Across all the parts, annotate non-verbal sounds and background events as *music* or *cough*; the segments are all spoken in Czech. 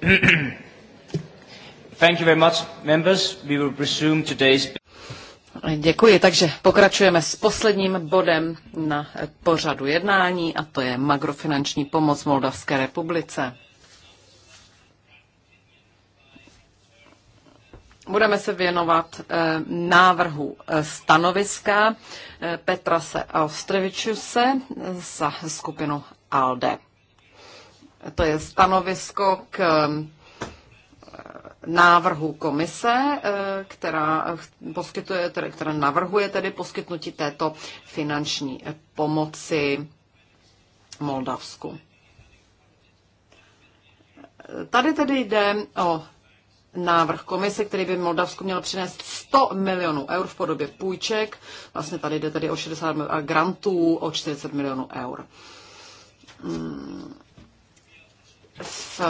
*clears throat* Thank you very much, members. We will resume today's... Děkuji, takže pokračujeme s posledním bodem na pořadu jednání a to je makrofinanční pomoc Moldavské republice. Budeme se věnovat eh, návrhu eh, stanoviska eh, Petra se Ostrevičuse za skupinu ALDE. To je stanovisko k eh, návrhu komise, eh, která, poskytuje, která navrhuje tedy poskytnutí této finanční pomoci Moldavsku. Tady tedy jde o návrh komise, který by Moldavsku měl přinést 100 milionů eur v podobě půjček. Vlastně tady jde tedy o 60 grantů, o 40 milionů eur. Hmm v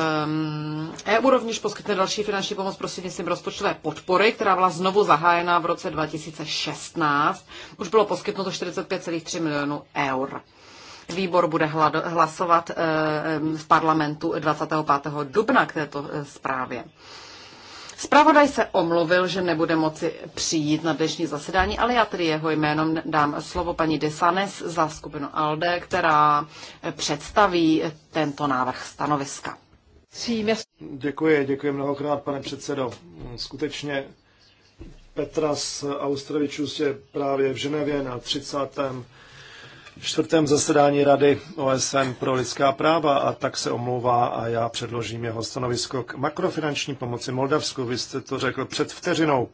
EU e rovněž poskytne další finanční pomoc prostřednictvím rozpočtové podpory, která byla znovu zahájena v roce 2016. Už bylo poskytnuto 45,3 milionů eur. Výbor bude hlasovat eh, v parlamentu 25. dubna k této eh, zprávě. Spravodaj se omluvil, že nebude moci přijít na dnešní zasedání, ale já tedy jeho jménem dám slovo paní Desanes za skupinu ALDE, která představí tento návrh stanoviska. Děkuji, děkuji mnohokrát, pane předsedo. Skutečně Petras Austrovičus je právě v Ženevě na 30 čtvrtém zasedání Rady OSN pro lidská práva a tak se omlouvá a já předložím jeho stanovisko k makrofinanční pomoci Moldavsku. Vy jste to řekl před vteřinou.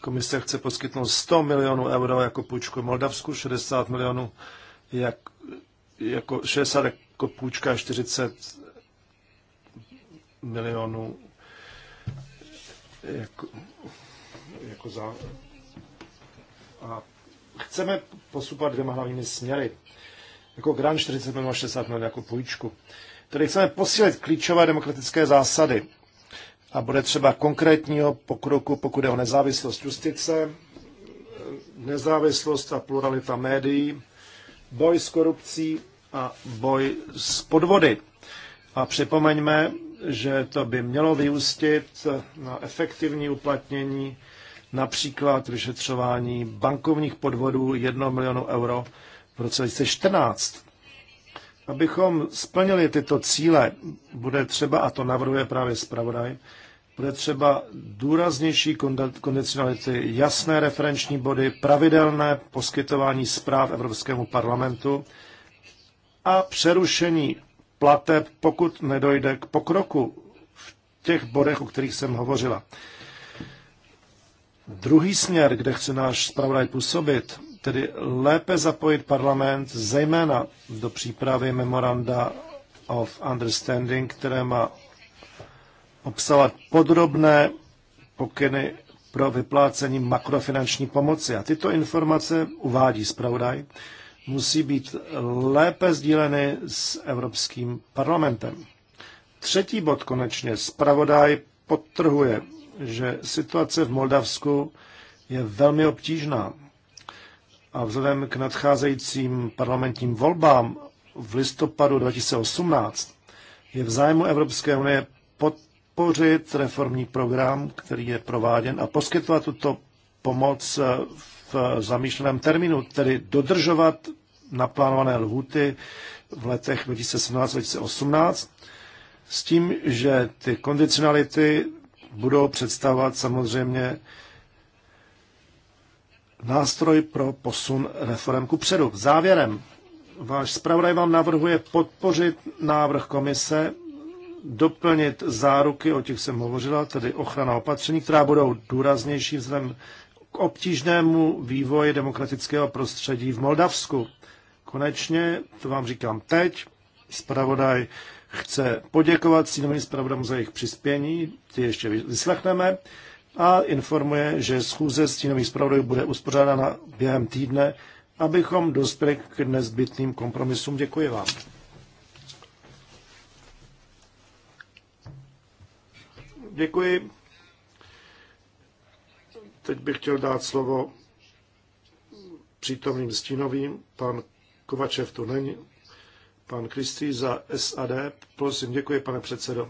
Komise chce poskytnout 100 milionů euro jako půjčku Moldavsku, 60 milionů jak, jako 60 jako půjčka 40 milionů jako, jako za, a chceme postupovat dvěma hlavními směry. Jako grant 40 milionů a 60 milionů jako půjčku. Tedy chceme posílit klíčové demokratické zásady a bude třeba konkrétního pokroku, pokud je o nezávislost justice, nezávislost a pluralita médií, boj s korupcí a boj s podvody. A připomeňme, že to by mělo vyústit na efektivní uplatnění Například vyšetřování bankovních podvodů 1 milionu euro v roce 2014. Abychom splnili tyto cíle, bude třeba, a to navrhuje právě zpravodaj, bude třeba důraznější kondicionality, jasné referenční body, pravidelné poskytování zpráv Evropskému parlamentu a přerušení plateb, pokud nedojde k pokroku v těch bodech, o kterých jsem hovořila. Druhý směr, kde chce náš zpravodaj působit, tedy lépe zapojit parlament, zejména do přípravy memoranda of understanding, které má obsahovat podrobné pokyny pro vyplácení makrofinanční pomoci. A tyto informace, uvádí zpravodaj, musí být lépe sdíleny s Evropským parlamentem. Třetí bod konečně. Spravodaj podtrhuje, že situace v Moldavsku je velmi obtížná. A vzhledem k nadcházejícím parlamentním volbám v listopadu 2018 je v zájmu Evropské unie podpořit reformní program, který je prováděn a poskytovat tuto pomoc eh, v zamýšleném termínu, tedy dodržovat naplánované lhuty v letech 2017-2018 s tím, že ty kondicionality budou představovat samozřejmě nástroj pro posun reform ku předu. Závěrem, váš zpravodaj vám navrhuje podpořit návrh komise, doplnit záruky, o těch jsem hovořila, tedy ochrana opatření, která budou důraznější vzhledem k obtížnému vývoji demokratického prostředí v Moldavsku. Konečně, to vám říkám teď, zpravodaj chce poděkovat sínovým zpravodám za jejich přispění, ty ještě vyslechneme, a informuje, že schůze stínových zpravodajů bude uspořádána během týdne, abychom dospěli k nezbytným kompromisům. Děkuji vám. Děkuji. Teď bych chtěl dát slovo přítomným stínovým. Pan Kovačev tu není, Pan Kristý za SAD. Prosím, děkuji, pane předsedo.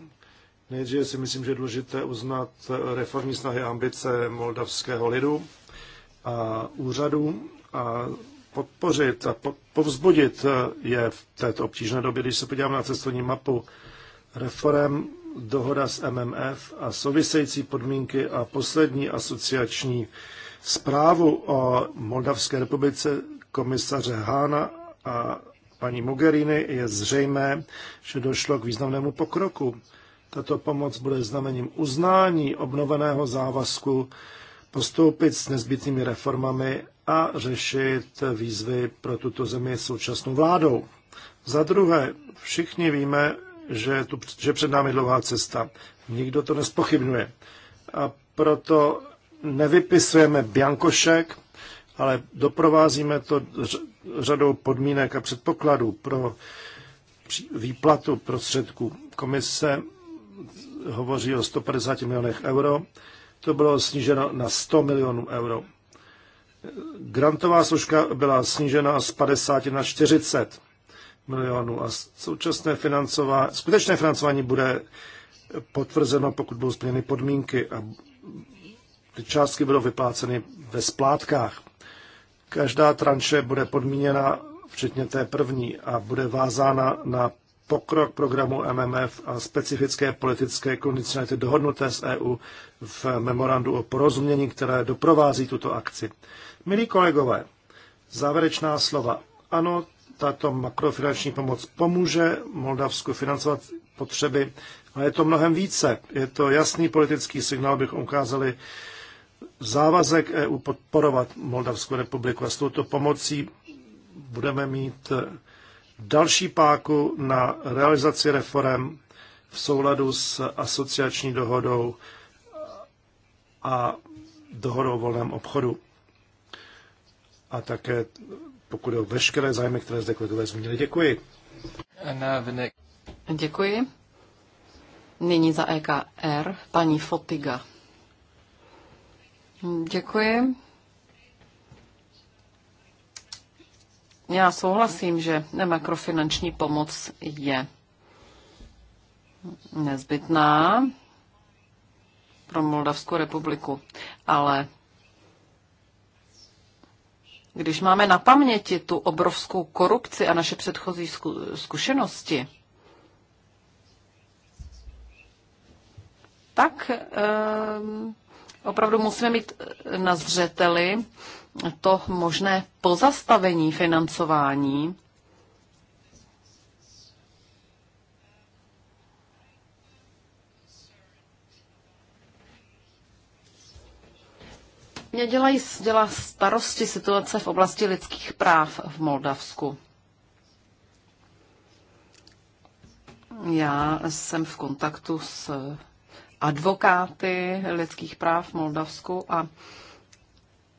Nejdříve si myslím, že je důležité uznat reformní snahy a ambice moldavského lidu a úřadu a podpořit a povzbudit je v této obtížné době. Když se podívám na cestovní mapu reform, dohoda s MMF a související podmínky a poslední asociační zprávu o Moldavské republice komisaře Hána a paní Mogherini, je zřejmé, že došlo k významnému pokroku. Tato pomoc bude znamením uznání obnoveného závazku postoupit s nezbytnými reformami a řešit výzvy pro tuto zemi současnou vládou. Za druhé, všichni víme, že, tu, že před námi dlouhá cesta. Nikdo to nespochybnuje. A proto nevypisujeme biankošek, ale doprovázíme to řadou podmínek a předpokladů pro výplatu prostředků. Komise hovoří o 150 milionech euro, to bylo sníženo na 100 milionů euro. Grantová služka byla snížena z 50 na 40 milionů a současné financování, skutečné financování bude potvrzeno, pokud budou splněny podmínky a ty částky budou vypláceny ve splátkách. Každá tranše bude podmíněna, včetně té první, a bude vázána na pokrok programu MMF a specifické politické kondicionality dohodnuté s EU v memorandu o porozumění, které doprovází tuto akci. Milí kolegové, závěrečná slova. Ano, tato makrofinanční pomoc pomůže Moldavsku financovat potřeby, ale je to mnohem více. Je to jasný politický signál, bychom ukázali závazek EU podporovat Moldavskou republiku a s touto pomocí budeme mít další páku na realizaci reform v souladu s asociační dohodou a dohodou o volném obchodu. A také pokud o veškeré zájmy, které zde kolegové zmínili. Děkuji. Děkuji. Nyní za EKR paní Fotiga. Děkuji. Já souhlasím, že makrofinanční pomoc je nezbytná pro Moldavskou republiku, ale když máme na paměti tu obrovskou korupci a naše předchozí zkušenosti, tak um, opravdu musíme mít na zřeteli to možné pozastavení financování Mě dělají, dělá starosti situace v oblasti lidských práv v Moldavsku. Já jsem v kontaktu s advokáty lidských práv v Moldavsku a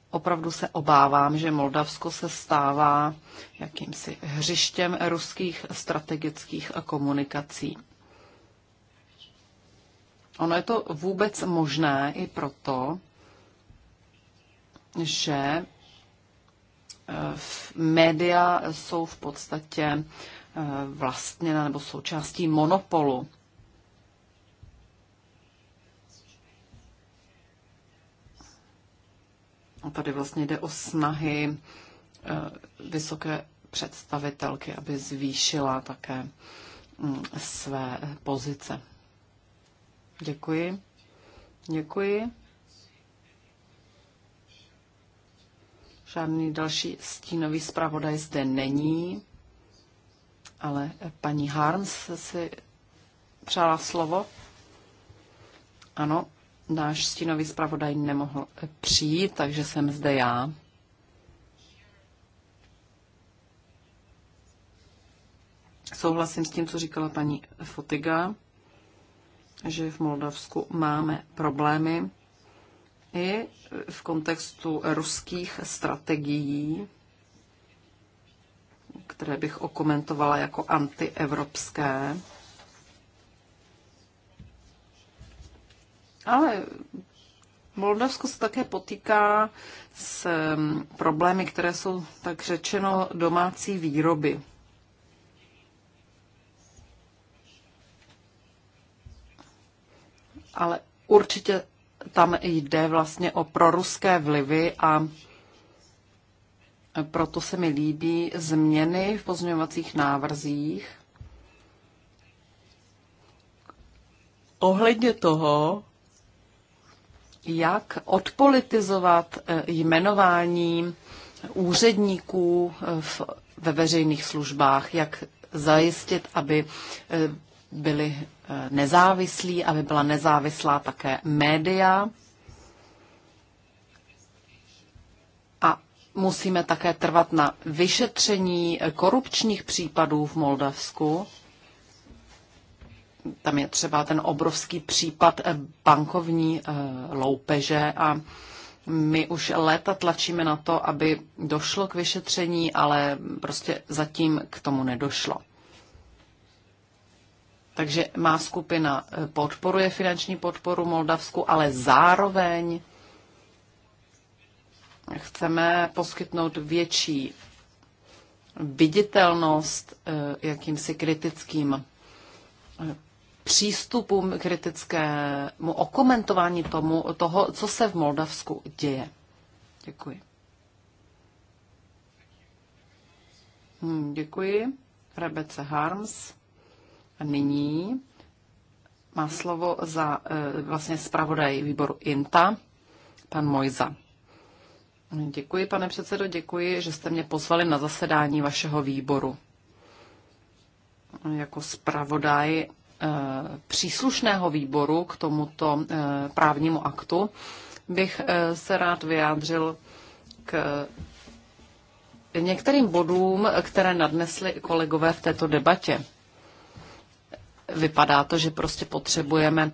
opravdu se obávám, že Moldavsko se stává jakýmsi hřištěm ruských strategických komunikací. Ono je to vůbec možné i proto, že eh, média jsou v podstatě eh, vlastněna nebo součástí monopolu A tady vlastně jde o snahy eh, vysoké představitelky, aby zvýšila také mm, své pozice. Děkuji. Děkuji. Žádný další stínový zpravodaj zde není, ale paní Harms si přála slovo. Ano, náš stínový zpravodaj nemohl přijít, takže jsem zde já. Souhlasím s tím, co říkala paní Fotiga, že v Moldavsku máme problémy i v kontextu ruských strategií, které bych okomentovala jako antievropské. Ale Moldavsko se také potýká s mm, problémy, které jsou tak řečeno domácí výroby. Ale určitě tam jde vlastně o proruské vlivy a proto se mi líbí změny v pozměňovacích návrzích. Ohledně toho, jak odpolitizovat eh, jmenování úředníků eh, v, ve veřejných službách, jak zajistit, aby eh, byli nezávislí, aby byla nezávislá také média. A musíme také trvat na vyšetření korupčních případů v Moldavsku tam je třeba ten obrovský případ eh, bankovní eh, loupeže a my už léta tlačíme na to, aby došlo k vyšetření, ale prostě zatím k tomu nedošlo. Takže má skupina eh, podporuje finanční podporu Moldavsku, ale zároveň chceme poskytnout větší viditelnost jakýmsi kritickým Přístupu kritickému okomentování tomu, toho, co se v Moldavsku děje. Děkuji. Hmm, děkuji. Rebece Harms. A nyní má slovo za eh, vlastně zpravodaj výboru INTA, pan Mojza. Děkuji, pane předsedo, děkuji, že jste mě pozvali na zasedání vašeho výboru. Jako zpravodaj Eh, příslušného výboru k tomuto eh, právnímu aktu bych eh, se rád vyjádřil k některým bodům, které nadnesli kolegové v této debatě. Vypadá to, že prostě potřebujeme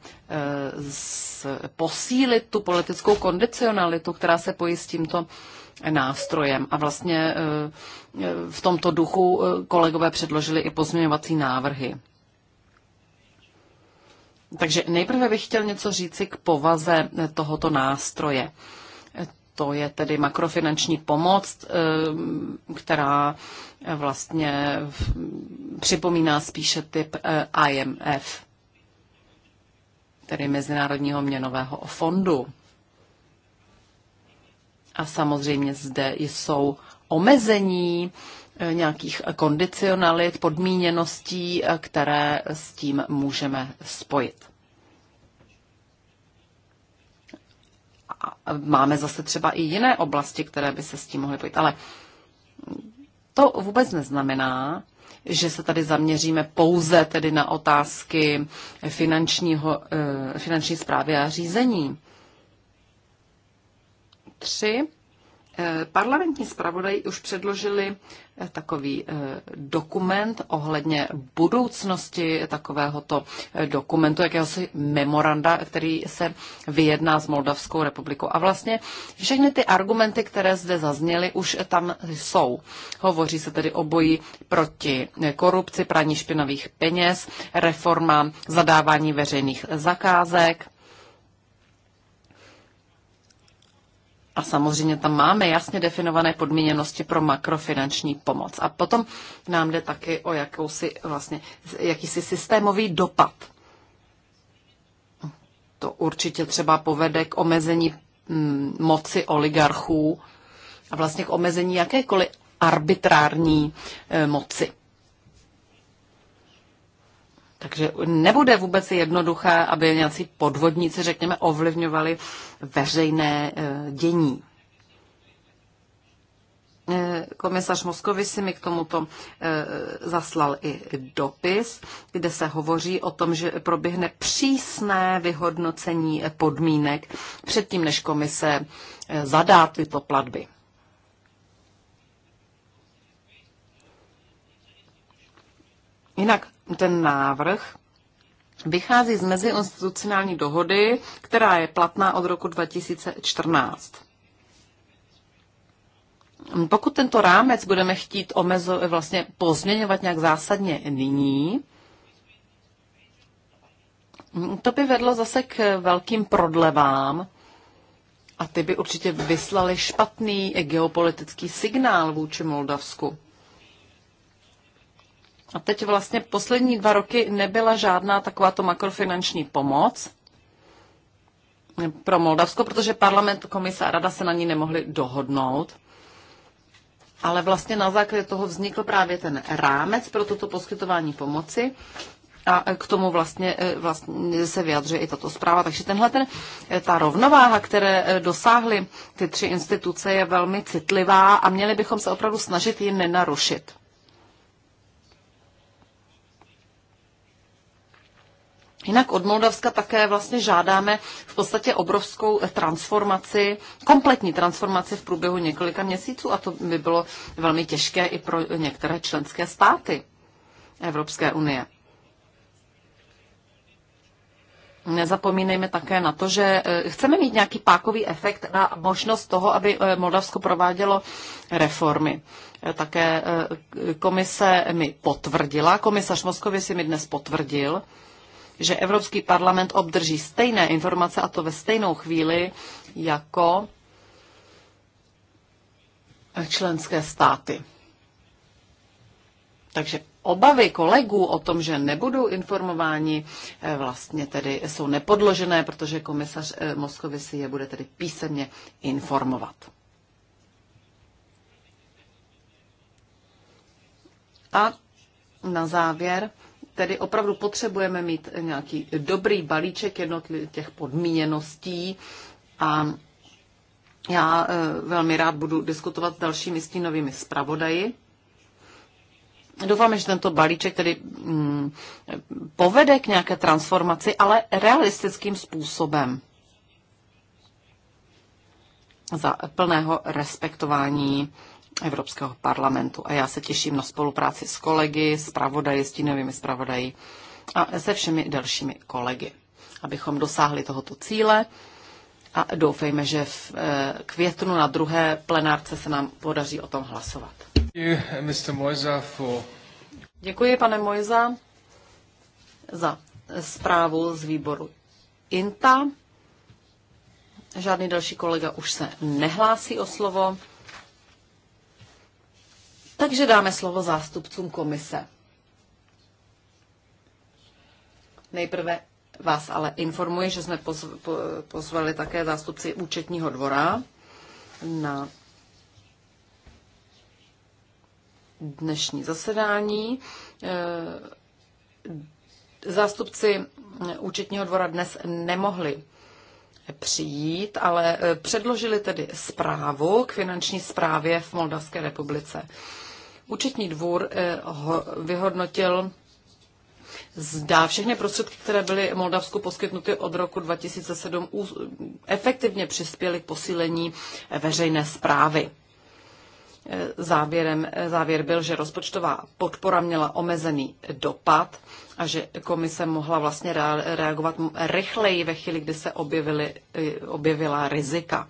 posílit tu politickou kondicionalitu, která se pojí s tímto nástrojem. A vlastně v tomto duchu kolegové předložili i pozměňovací návrhy. Takže nejprve bych chtěl něco říci k povaze eh, tohoto nástroje. Eh, to je tedy makrofinanční pomoc, eh, která vlastně připomíná spíše typ IMF, tedy Mezinárodního měnového fondu. A samozřejmě zde jsou omezení, Eh, nějakých kondicionalit, podmíněností, eh, které s tím můžeme spojit. máme zase třeba i jiné oblasti, které by se s tím mohly pojít, ale to vůbec neznamená, že se tady zaměříme pouze tedy na otázky finančního, eh, finanční zprávy a řízení. Tři Eh, parlamentní zpravodaj už předložili eh, takový eh, dokument ohledně budoucnosti takovéhoto dokumentu, jakéhosi memoranda, který se vyjedná s Moldavskou republikou. A vlastně všechny ty argumenty, které zde zazněly, už tam jsou. Hovoří se tedy o boji proti korupci, praní špinavých peněz, reformám zadávání veřejných zakázek, A samozřejmě tam máme jasně definované podmíněnosti pro makrofinanční pomoc. A potom nám jde taky o jakousi, vlastně, jakýsi systémový dopad. To určitě třeba povede k omezení mm, moci oligarchů a vlastně k omezení jakékoliv arbitrární e, moci. Takže nebude vůbec jednoduché, aby nějací podvodníci, řekněme, ovlivňovali veřejné eh, dění. Eh, komisař Moskovi si mi k tomuto eh, zaslal i dopis, kde se hovoří o tom, že proběhne přísné vyhodnocení podmínek předtím, než komise zadá tyto platby. Jinak ten návrh vychází z meziinstitucionální dohody, která je platná od roku 2014. Pokud tento rámec budeme chtít omezo, vlastně pozměňovat nějak zásadně nyní, to by vedlo zase k velkým prodlevám a ty by určitě vyslali špatný geopolitický signál vůči Moldavsku. A teď vlastně poslední dva roky nebyla žádná takováto makrofinanční pomoc pro Moldavsko, protože parlament, komise a rada se na ní nemohli dohodnout. Ale vlastně na základě toho vznikl právě ten rámec pro toto poskytování pomoci a k tomu vlastně, eh, vlastně se vyjadřuje i tato zpráva. Takže tenhle ten, eh, ta rovnováha, které eh, dosáhly ty tři instituce, je velmi citlivá a měli bychom se opravdu snažit ji nenarušit. Jinak od Moldavska také vlastně žádáme v podstatě obrovskou transformaci, kompletní transformaci v průběhu několika měsíců a to by bylo velmi těžké i pro některé členské státy Evropské unie. Nezapomínejme také na to, že eh, chceme mít nějaký pákový efekt na možnost toho, aby eh, Moldavsko provádělo reformy. Eh, také komise mi potvrdila, komisař Moskově si mi dnes potvrdil, že Evropský parlament obdrží stejné informace a to ve stejnou chvíli jako členské státy. Takže obavy kolegů o tom, že nebudou informováni, eh, vlastně tedy jsou nepodložené, protože komisař eh, Moskovi si je bude tedy písemně informovat. A na závěr tedy opravdu potřebujeme mít nějaký dobrý balíček jednotlivých těch podmíněností a já e, velmi rád budu diskutovat s dalšími stínovými zpravodaji. Doufám, že tento balíček tedy mm, povede k nějaké transformaci, ale realistickým způsobem za plného respektování Evropského parlamentu. A já se těším na spolupráci s kolegy, s pravodaji, s tínovými zpravodají a se všemi dalšími kolegy, abychom dosáhli tohoto cíle. A doufejme, že v eh, květnu na druhé plenárce se nám podaří o tom hlasovat. Děkuji, pane Mojza, za zprávu z výboru INTA. Žádný další kolega už se nehlásí o slovo. Takže dáme slovo zástupcům komise. Nejprve vás ale informuji, že jsme pozvali také zástupci účetního dvora na dnešní zasedání. Eh, zástupci účetního dvora dnes nemohli přijít, ale eh, předložili tedy zprávu k finanční zprávě v Moldavské republice. Účetní dvůr eh, vyhodnotil Zdá všechny prostředky, které byly Moldavsku poskytnuty od roku 2007, efektivně přispěly k posílení eh, veřejné zprávy. Eh, závěrem, závěr byl, že rozpočtová podpora měla omezený dopad a že komise mohla vlastně reagovat rychleji ve chvíli, kdy se objevily, objevila rizika.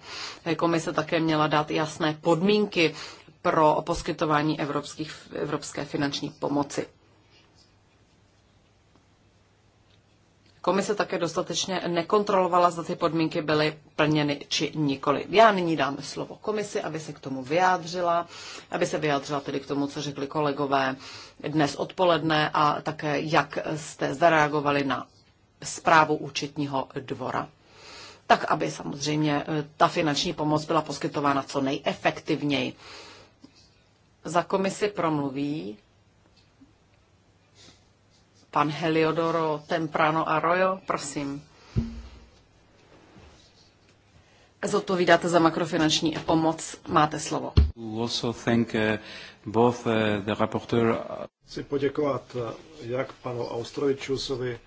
Komise také měla dát jasné podmínky pro poskytování evropských, evropské finanční pomoci. Komise také dostatečně nekontrolovala, zda ty podmínky byly plněny či nikoli. Já nyní dám slovo komisi, aby se k tomu vyjádřila, aby se vyjádřila tedy k tomu, co řekli kolegové dnes odpoledne a také, jak jste zareagovali na zprávu účetního dvora. Tak, aby samozřejmě eh, ta finanční pomoc byla poskytována co nejefektivněji za komisi promluví pan Heliodoro Temprano Arroyo, prosím. Zodpovídáte za makrofinanční pomoc, máte slovo. Uh, uh, uh, Chci poděkovat jak panu Austrovičusovi,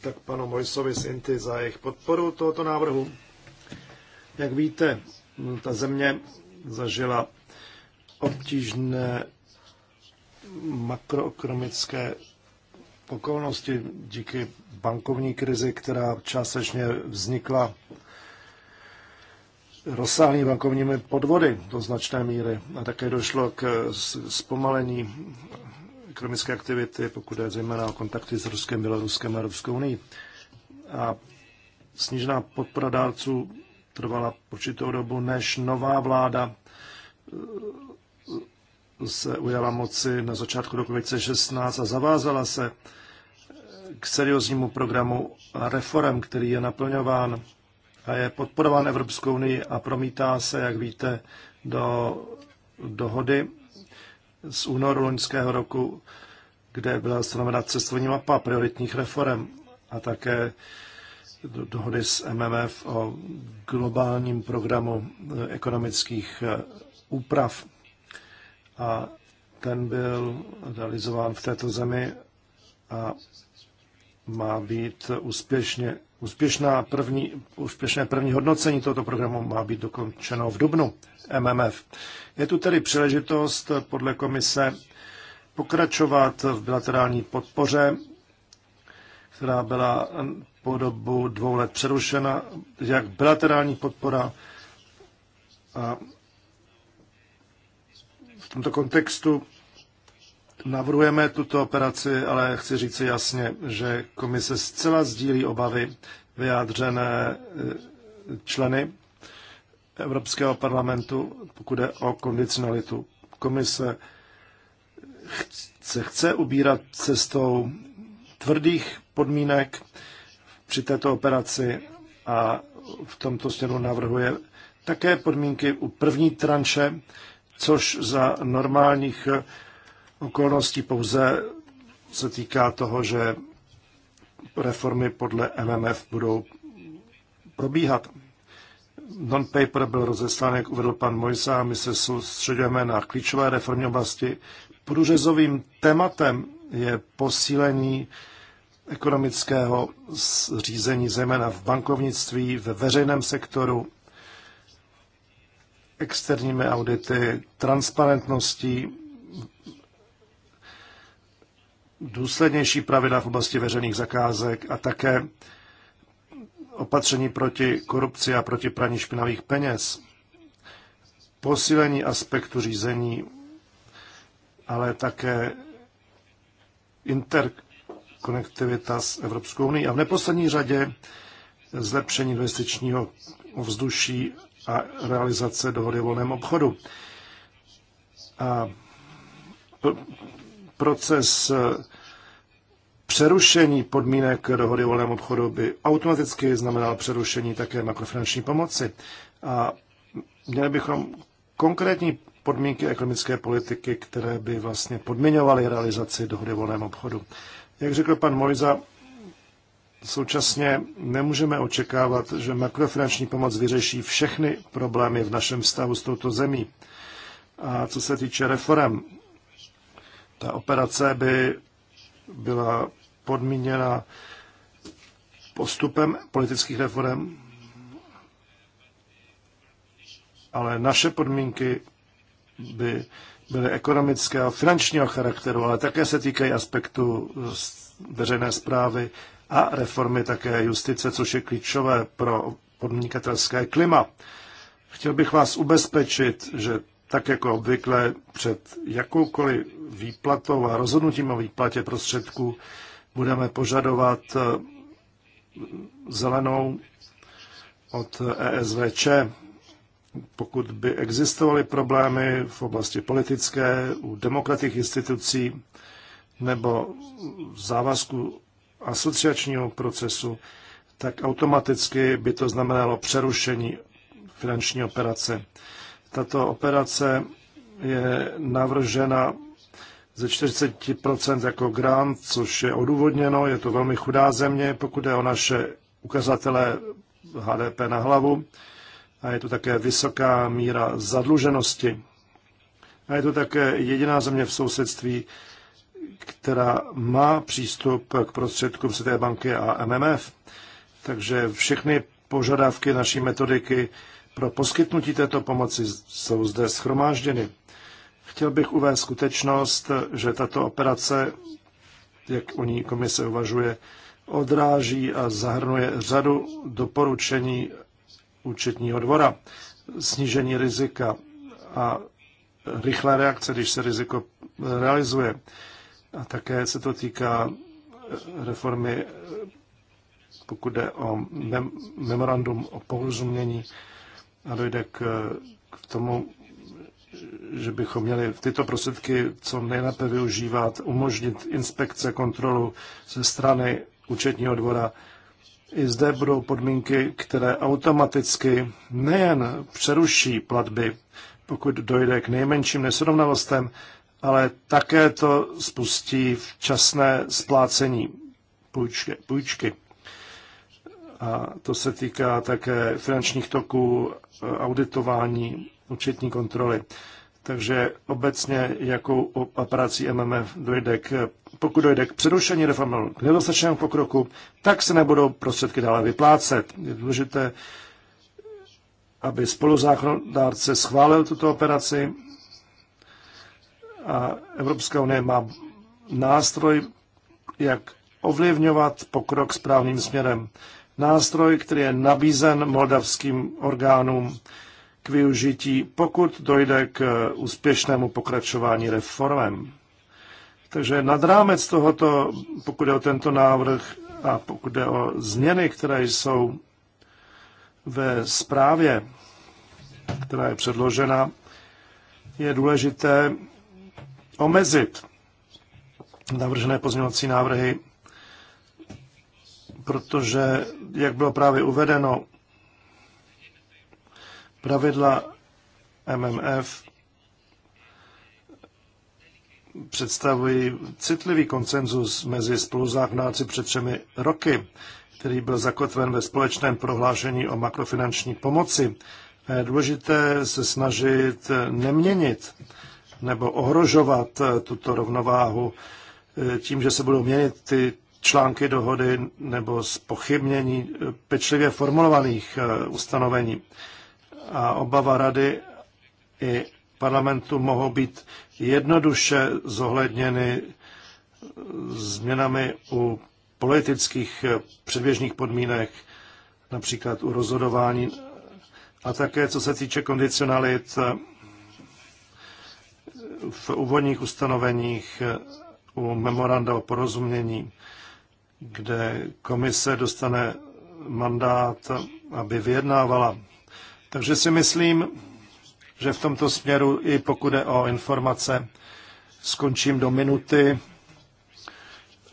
tak panu Mojsovi z Inty za jejich podporu tohoto návrhu. Jak víte, ta země zažila obtížné makroekonomické okolnosti díky bankovní krizi, která částečně vznikla rozsáhlými bankovními podvody do značné míry a také došlo k zpomalení ekonomické aktivity, pokud je zejména o kontakty s Ruskem, Běloruskem a Ruskou unii. A snížená podpora dárců trvala určitou dobu, než nová vláda eh, se ujala moci na začátku roku 2016 a zavázala se eh, k serióznímu programu reform, který je naplňován a je podporován Evropskou unii a promítá se, jak víte, do dohody z únoru loňského roku, kde byla stanovena cestovní mapa prioritních reform a také dohody s MMF o globálním programu eh, ekonomických eh, úprav. A ten byl realizován v této zemi a má být úspěšně, úspěšná první, úspěšné první hodnocení tohoto programu má být dokončeno v dubnu MMF. Je tu tedy příležitost eh, podle komise pokračovat v bilaterální podpoře, která byla po dobu dvou let přerušena, jak bilaterální podpora. A v tomto kontextu navrhujeme tuto operaci, ale chci říci jasně, že komise zcela sdílí obavy vyjádřené eh, členy Evropského parlamentu, pokud jde o kondicionalitu. Komise se chce ubírat cestou tvrdých podmínek, při této operaci a v tomto směru navrhuje také podmínky u první tranše, což za normálních okolností pouze se týká toho, že reformy podle MMF budou probíhat. Non-paper byl rozeslán, jak uvedl pan Mojsa, a my se soustředujeme na klíčové reformní oblasti. Průřezovým tématem je posílení ekonomického řízení, zejména v bankovnictví, ve veřejném sektoru, externími audity, transparentností, důslednější pravidla v oblasti veřejných zakázek a také opatření proti korupci a proti praní špinavých peněz, posílení aspektu řízení, ale také inter, konektivita s Evropskou unii a v neposlední řadě zlepšení investičního ovzduší a realizace dohody o volném obchodu. A proces eh, přerušení podmínek dohody o volném obchodu by automaticky znamenal přerušení také makrofinanční pomoci. A měli bychom konkrétní podmínky ekonomické politiky, které by vlastně podmiňovaly realizaci dohody o volném obchodu. Jak řekl pan Mojza, současně nemůžeme očekávat, že makrofinanční pomoc vyřeší všechny problémy v našem vztahu s touto zemí. A co se týče reform, ta operace by byla podmíněna postupem politických reform, ale naše podmínky by byly ekonomické a finančního charakteru, ale také se týkají aspektu veřejné zprávy a reformy také justice, což je klíčové pro podnikatelské klima. Chtěl bych vás ubezpečit, že tak jako obvykle před jakoukoliv výplatou a rozhodnutím o výplatě prostředků budeme požadovat eh, zelenou od ESVČ pokud by existovaly problémy v oblasti politické, u demokratických institucí nebo v závazku asociačního procesu, tak automaticky by to znamenalo přerušení finanční operace. Tato operace je navržena ze 40% jako grant, což je odůvodněno, je to velmi chudá země, pokud je o naše ukazatele HDP na hlavu a je tu také vysoká míra zadluženosti. A je to také jediná země v sousedství, která má přístup k prostředkům Světé banky a MMF. Takže všechny požadavky naší metodiky pro poskytnutí této pomoci jsou zde schromážděny. Chtěl bych uvést skutečnost, že tato operace, jak o ní komise uvažuje, odráží a zahrnuje řadu doporučení účetního dvora. Snížení rizika a rychlé reakce, když se riziko realizuje. A také se to týká reformy, pokud jde o mem- memorandum o porozumění a dojde k, k tomu, že bychom měli tyto prostředky co nejlépe využívat, umožnit inspekce, kontrolu ze strany účetního dvora i zde budou podmínky, které automaticky nejen přeruší platby, pokud dojde k nejmenším nesrovnalostem, ale také to spustí včasné splácení půjčky. půjčky. A to se týká také finančních toků, auditování, účetní kontroly. Takže obecně, jakou operací MMF dojde k, pokud dojde k přerušení reformy k nedostatečnému pokroku, tak se nebudou prostředky dále vyplácet. Je důležité, aby spoluzákonodárce schválil tuto operaci a Evropská unie má nástroj, jak ovlivňovat pokrok správným směrem. Nástroj, který je nabízen moldavským orgánům k využití, pokud dojde k úspěšnému pokračování reformem. Takže nad rámec tohoto, pokud je o tento návrh a pokud je o změny, které jsou ve zprávě, která je předložena, je důležité omezit navržené pozměňovací návrhy, protože, jak bylo právě uvedeno, Pravidla MMF představují citlivý koncenzus mezi spoluzákonáci před třemi roky, který byl zakotven ve společném prohlášení o makrofinanční pomoci. Je důležité se snažit neměnit nebo ohrožovat tuto rovnováhu eh, tím, že se budou měnit ty články dohody nebo spochybnění eh, pečlivě formulovaných eh, ustanovení a obava rady i parlamentu mohou být jednoduše zohledněny změnami u politických předběžných podmínek, například u rozhodování a také co se týče kondicionalit v úvodních ustanoveních u memoranda o porozumění, kde komise dostane mandát, aby vyjednávala takže si myslím, že v tomto směru, i pokud jde o informace, skončím do minuty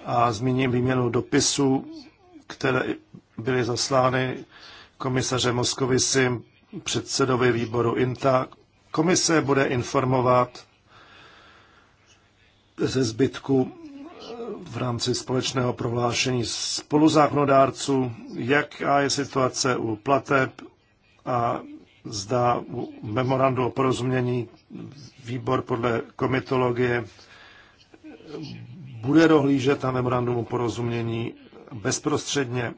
a zmíním výměnu dopisů, které byly zaslány komisaře Moskovici, předsedovi výboru INTA. Komise bude informovat ze zbytku v rámci společného prohlášení spoluzákonodárců, jaká je situace u plateb a zda memorandu o porozumění výbor podle komitologie bude dohlížet na memorandum o porozumění bezprostředně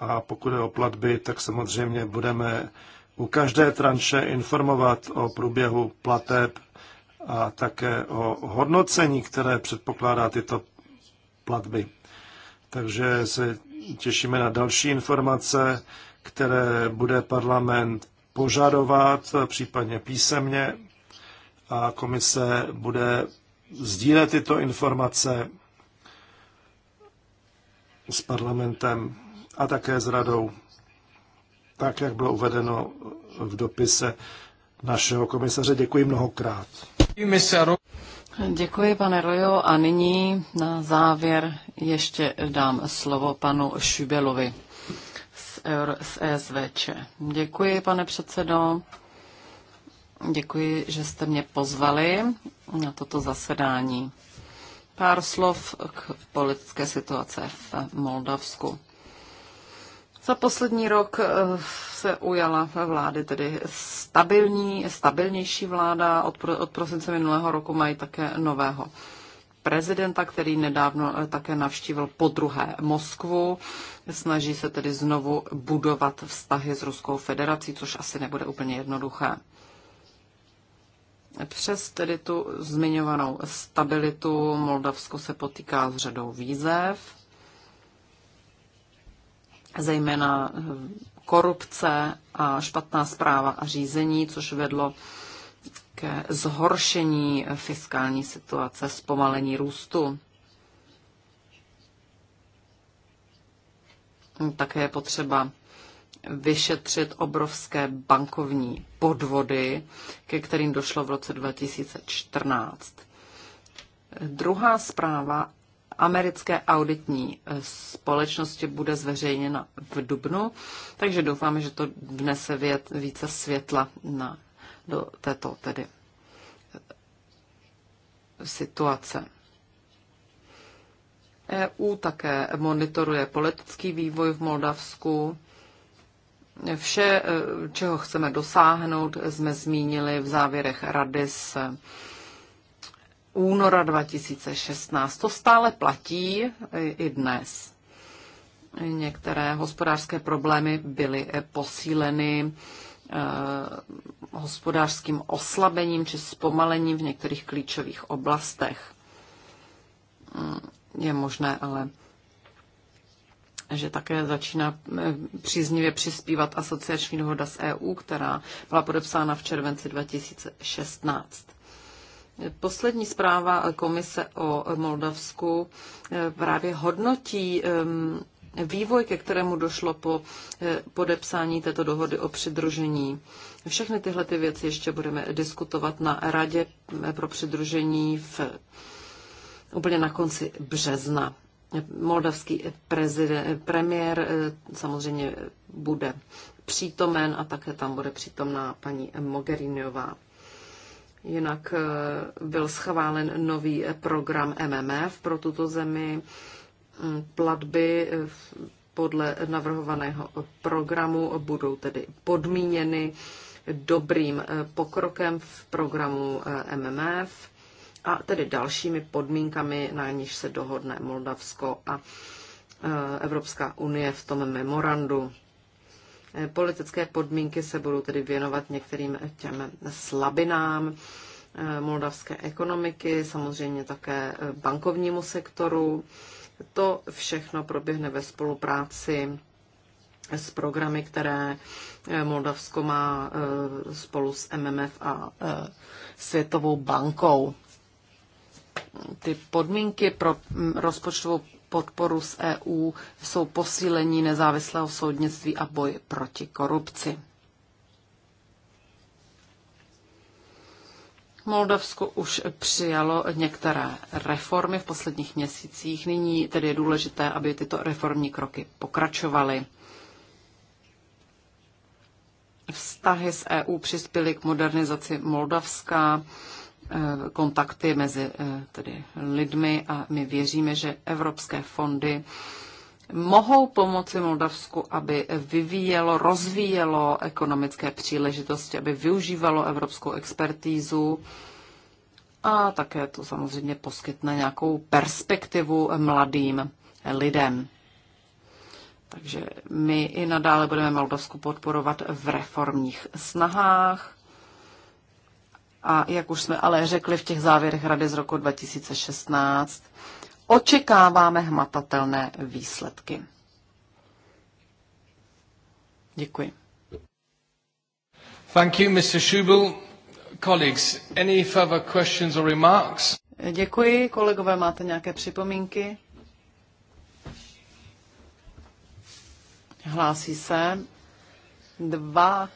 a pokud je o platby, tak samozřejmě budeme u každé tranše informovat o průběhu plateb a také o hodnocení, které předpokládá tyto platby. Takže se těšíme na další informace, které bude parlament požadovat, případně písemně, a komise bude sdílet tyto informace s parlamentem a také s radou, tak jak bylo uvedeno v dopise našeho komisaře. Děkuji mnohokrát. Děkuji, pane Rojo. A nyní na závěr ještě dám slovo panu Šubelovi z, Eur, z ESVČ. Děkuji, pane předsedo. Děkuji, že jste mě pozvali na toto zasedání. Pár slov k politické situaci v Moldavsku. Za poslední rok eh, se ujala vlády tedy stabilní, stabilnější vláda. Od, od prosince minulého roku mají také nového prezidenta, který nedávno eh, také navštívil po druhé Moskvu. Snaží se tedy znovu budovat vztahy s Ruskou federací, což asi nebude úplně jednoduché. Přes tedy tu zmiňovanou stabilitu Moldavsko se potýká s řadou výzev zejména eh, korupce a špatná zpráva a řízení, což vedlo ke zhoršení eh, fiskální situace, zpomalení růstu. Také je potřeba vyšetřit obrovské bankovní podvody, ke kterým došlo v roce 2014. Druhá zpráva americké auditní eh, společnosti bude zveřejněna v Dubnu, takže doufáme, že to vnese vět, více světla na, do této tedy eh, situace. EU také monitoruje politický vývoj v Moldavsku. Vše, eh, čeho chceme dosáhnout, jsme zmínili v závěrech Rady z února 2016. To stále platí i dnes. Některé hospodářské problémy byly eh, posíleny eh, hospodářským oslabením či zpomalením v některých klíčových oblastech. Mm, je možné ale, že také začíná eh, příznivě přispívat asociační dohoda s EU, která byla podepsána v červenci 2016. Poslední zpráva komise o Moldavsku eh, právě hodnotí ehm, vývoj, ke kterému došlo po eh, podepsání této dohody o přidružení. Všechny tyhle ty věci ještě budeme diskutovat na Radě eh, pro přidružení v, úplně na konci března. Moldavský prezident, premiér samozřejmě bude přítomen a také tam bude přítomná paní Mogheriniová. Jinak eh, byl schválen nový eh, program MMF pro tuto zemi. Mm, platby eh, podle navrhovaného programu budou tedy podmíněny dobrým pokrokem v programu MMF a tedy dalšími podmínkami, na níž se dohodne Moldavsko a Evropská unie v tom memorandu. Politické podmínky se budou tedy věnovat některým těm slabinám eh, moldavské ekonomiky, samozřejmě také eh, bankovnímu sektoru. To všechno proběhne ve spolupráci s programy, které eh, Moldavsko má spolu s MMF a Světovou bankou. Ty podmínky pro mm, rozpočtovou podporu z EU jsou posílení nezávislého soudnictví a boj proti korupci. Moldavsko už přijalo některé reformy v posledních měsících. Nyní tedy je důležité, aby tyto reformní kroky pokračovaly. Vztahy s EU přispěly k modernizaci Moldavska Eh, kontakty mezi eh, tedy lidmi a my věříme, že evropské fondy mohou pomoci Moldavsku, aby vyvíjelo, rozvíjelo ekonomické příležitosti, aby využívalo evropskou expertízu a také to samozřejmě poskytne nějakou perspektivu mladým lidem. Takže my i nadále budeme Moldavsku podporovat v reformních snahách a jak už jsme ale řekli v těch závěrech Rady z roku 2016, očekáváme hmatatelné výsledky. Děkuji. Thank you, Mr. Schubel. Colleagues, any further questions or remarks? Děkuji. Kolegové, máte nějaké připomínky? Hlásí se dva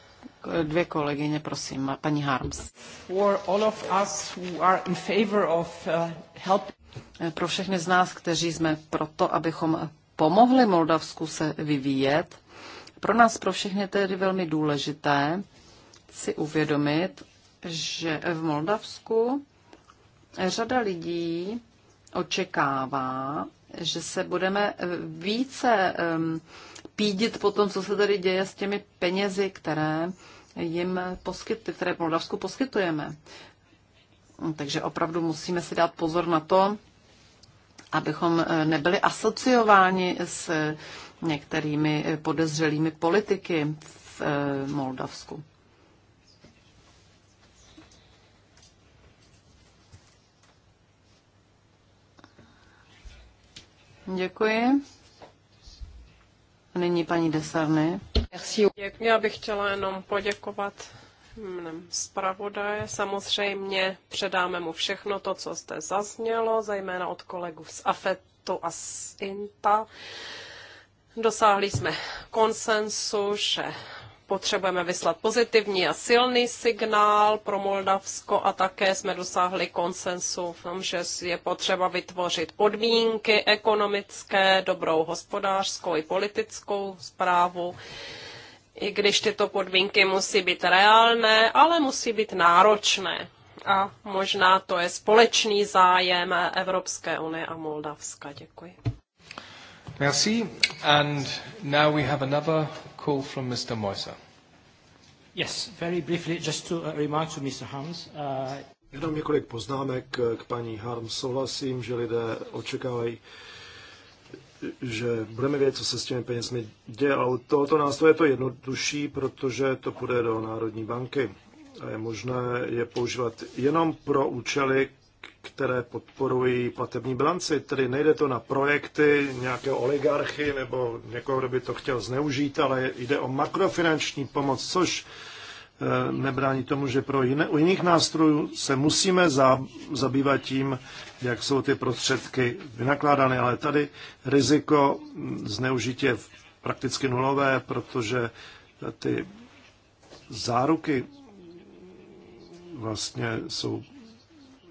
dvě kolegyně, prosím, paní Harms. Pro všechny z nás, kteří jsme proto, abychom pomohli Moldavsku se vyvíjet, pro nás, pro všechny tedy velmi důležité si uvědomit, že v Moldavsku řada lidí očekává, že se budeme více um, pídit po tom, co se tady děje s těmi penězi, které jim poskyty, které Moldavsku poskytujeme. Takže opravdu musíme si dát pozor na to, abychom eh, nebyli asociováni s některými podezřelými politiky v eh, Moldavsku. Děkuji. Nyní paní Desarny. Já bych chtěla jenom poděkovat zpravodaje. Samozřejmě předáme mu všechno to, co zde zaznělo, zejména od kolegů z AFETu a z INTA. Dosáhli jsme konsensu, že potřebujeme vyslat pozitivní a silný signál pro Moldavsko a také jsme dosáhli konsensu v tom, že je potřeba vytvořit podmínky ekonomické, dobrou hospodářskou i politickou zprávu i když tyto podmínky musí být reálné, ale musí být náročné. A možná to je společný zájem Evropské unie a Moldavska. Děkuji. Merci. And now we have another call from Mr. Moisa. Yes, very briefly, just to uh, remark to Mr. Harms. Uh... Jenom několik poznámek k paní Harms. Souhlasím, že lidé očekávají, že budeme vědět, co se s těmi penězmi děje, ale u tohoto nástroje je to jednodušší, protože to půjde do Národní banky a je možné je používat jenom pro účely, které podporují platební bilanci. Tedy nejde to na projekty nějakého oligarchy nebo někoho, kdo by to chtěl zneužít, ale jde o makrofinanční pomoc, což eh, nebrání tomu, že pro jiné, u jiných nástrojů se musíme za, zabývat tím, jak jsou ty prostředky vynakládány, ale tady riziko zneužití je prakticky nulové, protože ty záruky vlastně jsou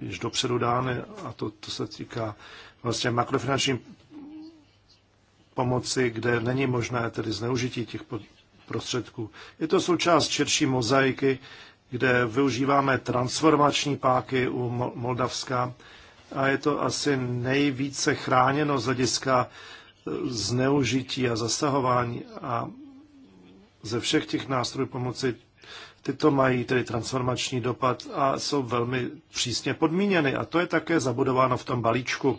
již dopředu dány a to, to se týká vlastně makrofinanční pomoci, kde není možné tedy zneužití těch prostředků. Je to součást širší mozaiky, kde využíváme transformační páky u Moldavska a je to asi nejvíce chráněno z hlediska e, zneužití a zasahování a ze všech těch nástrojů pomoci Tyto mají tedy transformační dopad a jsou velmi přísně podmíněny a to je také zabudováno v tom balíčku.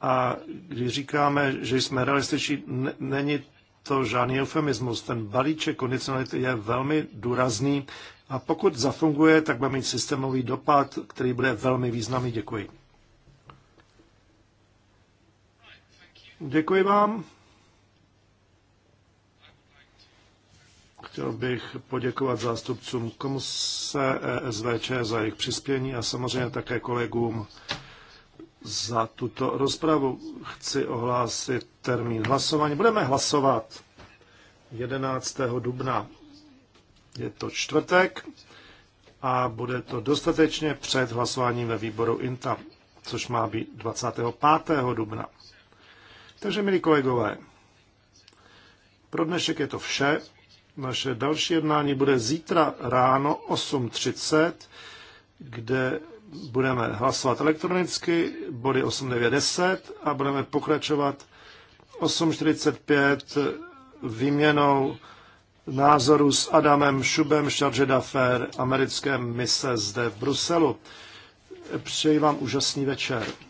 A když říkáme, že jsme realističní, není to žádný eufemismus. Ten balíček kondicionality je velmi důrazný a pokud zafunguje, tak bude mít systémový dopad, který bude velmi významný. Děkuji. Děkuji vám. Chtěl bych poděkovat zástupcům komise ESVČ za jejich přispění a samozřejmě také kolegům za tuto rozpravu. Chci ohlásit termín hlasování. Budeme hlasovat 11. dubna. Je to čtvrtek a bude to dostatečně před hlasováním ve výboru INTA, což má být 25. dubna. Takže, milí kolegové, pro dnešek je to vše. Naše další jednání bude zítra ráno 8.30, kde budeme hlasovat elektronicky, body 8910 a budeme pokračovat 8.45 výměnou názoru s Adamem Šubem z Charge d'Affaires americké mise zde v Bruselu. Přeji vám úžasný večer.